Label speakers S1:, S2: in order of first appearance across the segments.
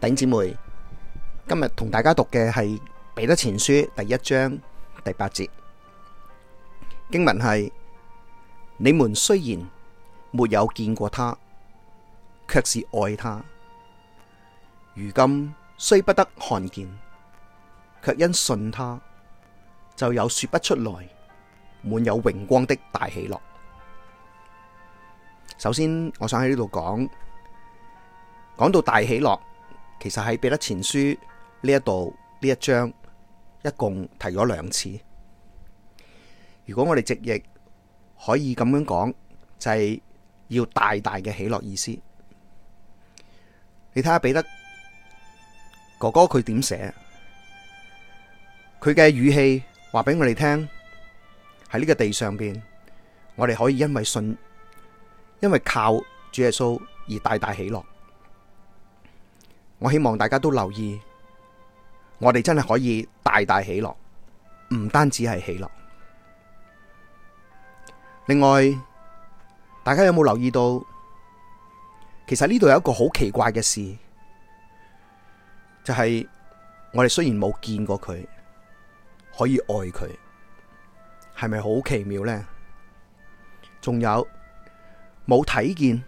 S1: 弟兄姐妹，今日同大家讀嘅係彼得前書第一章第八節。經文係：你們雖然沒有見過他，卻是愛他；如今雖不得看見，卻因信他，就有說不出來，滿有榮光的大喜樂。首先，我想喺呢度講，講到大喜樂。其實喺彼得前書呢一度呢一章，一共提咗兩次。如果我哋直譯，可以咁樣講，就係要大大嘅喜樂意思。你睇下彼得哥哥佢點寫，佢嘅語氣話俾我哋聽，喺呢個地上邊，我哋可以因為信，因為靠主耶穌而大大喜樂。我希望大家都留意，我哋真係可以大大喜樂，唔單止係喜樂。另外，大家有冇留意到？其實呢度有一個好奇怪嘅事，就係我哋雖然冇見過佢，可以愛佢，係咪好奇妙呢？仲有冇睇見，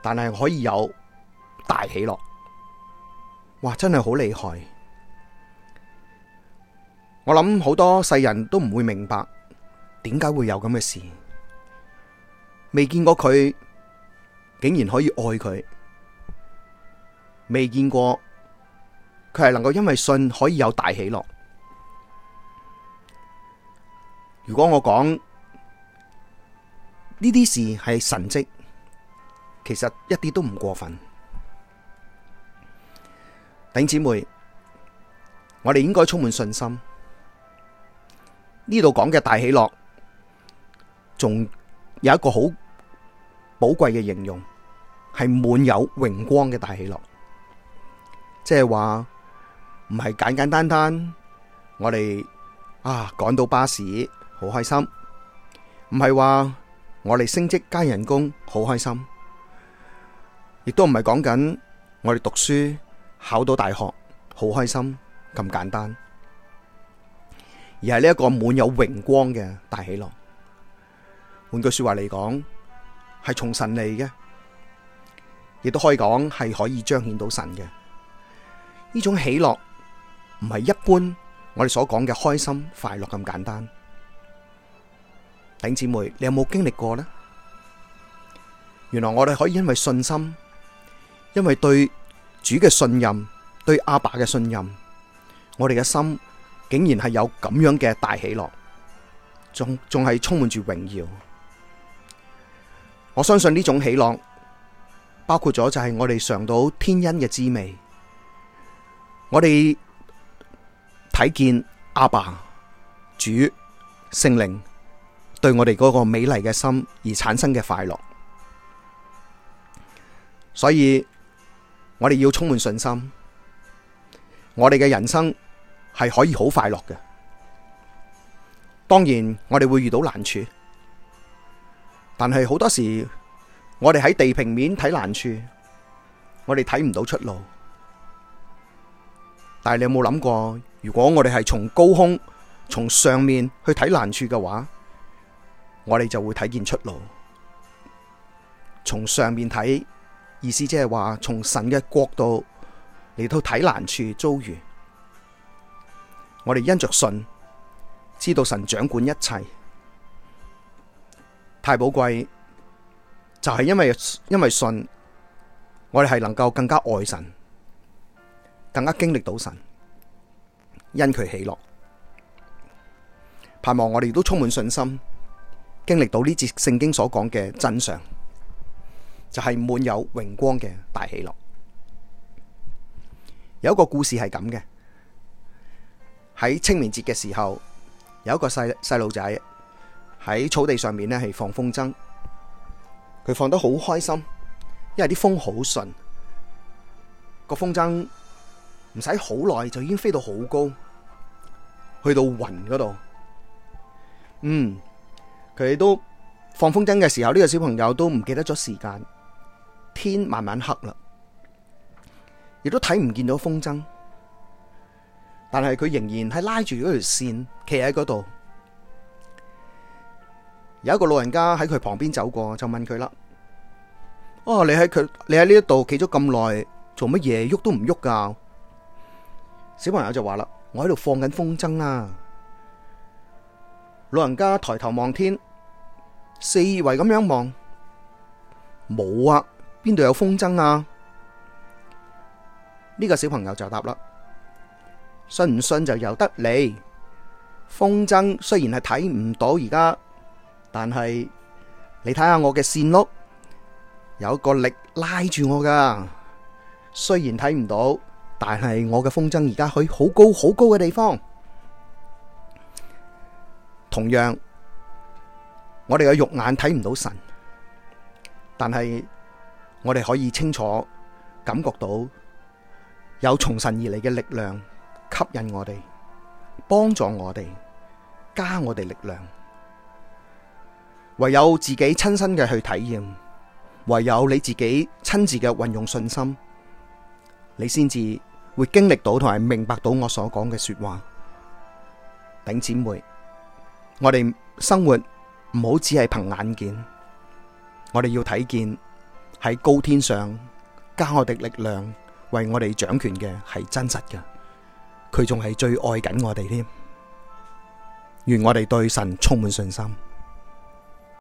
S1: 但係可以有大喜樂。哇，真係好厲害！我諗好多世人都唔會明白，點解會有咁嘅事？未見過佢，竟然可以愛佢；未見過，佢係能夠因為信可以有大喜樂。如果我講呢啲事係神跡，其實一啲都唔過分。頂姐妹，我哋應該充滿信心。呢度講嘅大喜樂，仲有一個好寶貴嘅形容，係滿有榮光嘅大喜樂。即係話唔係簡簡單單，我哋啊趕到巴士好開心，唔係話我哋升職加人工好開心，亦都唔係講緊我哋讀書考到大學，好開心咁簡單，而係呢一個滿有榮光嘅大喜樂。換句說話嚟講，係從神嚟嘅，亦都可以講係可以彰顯到神嘅。呢種喜樂唔係一般我哋所講嘅開心快樂咁簡單。弟兄姐妹，你有冇經歷過呢？原來我哋可以因為信心，因為對。主嘅信任，對阿爸嘅信任，我哋嘅心竟然係有咁樣嘅大喜樂，仲仲係充滿住榮耀。我相信呢種喜樂，包括咗就係我哋嘗到天恩嘅滋味，我哋睇見阿爸、主、聖靈對我哋嗰個美麗嘅心而產生嘅快樂，所以。我哋要充滿信心，我哋嘅人生係可以好快樂嘅。當然，我哋會遇到難處，但係好多時我哋喺地平面睇難處，我哋睇唔到出路。但係你有冇諗過，如果我哋係從高空、從上面去睇難處嘅話，我哋就會睇見出路。從上面睇。意思即係話，從神嘅角度嚟到睇難處遭遇，我哋因着信，知道神掌管一切，太寶貴，就係因為因為信，我哋係能夠更加愛神，更加經歷到神，因佢喜樂，盼望我哋都充滿信心，經歷到呢節聖經所講嘅真相。就係滿有榮光嘅大喜樂。有一個故事係咁嘅，喺清明節嘅時候，有一個細細路仔喺草地上面咧係放風箏，佢放得好開心，因為啲風好順，個風箏唔使好耐就已經飛到好高，去到雲嗰度。嗯，佢哋都放風箏嘅時候，呢個小朋友都唔記得咗時間。天慢慢黑啦，亦都睇唔見到風箏，但係佢仍然喺拉住嗰條線，企喺嗰度。有一個老人家喺佢旁邊走過，就問佢啦：哦，你喺佢，你喺呢一度企咗咁耐，做乜嘢？喐都唔喐噶。小朋友就話啦：我喺度放緊風箏啊！老人家抬頭望天，四圍咁樣望，冇啊！邊度有風箏啊？呢個小朋友就答啦，信唔信就由得你。風箏雖然係睇唔到而家，但係你睇下我嘅線碌，有個力拉住我噶。雖然睇唔到，但係我嘅風箏而家去好高、好高嘅地方。同樣，我哋嘅肉眼睇唔到神，但係。我哋可以清楚感覺到有從神而來嘅力量吸引我哋，幫助我哋，加我哋力量。唯有自己親身嘅去體驗，唯有你自己親自嘅運用信心，你先至會經歷到同埋明白到我所講嘅說話。頂姊妹，我哋生活唔好只係憑眼見，我哋要睇見。喺高天上加我哋力量，為我哋掌權嘅係真實嘅，佢仲係最愛緊我哋添，願我哋對神充滿信心。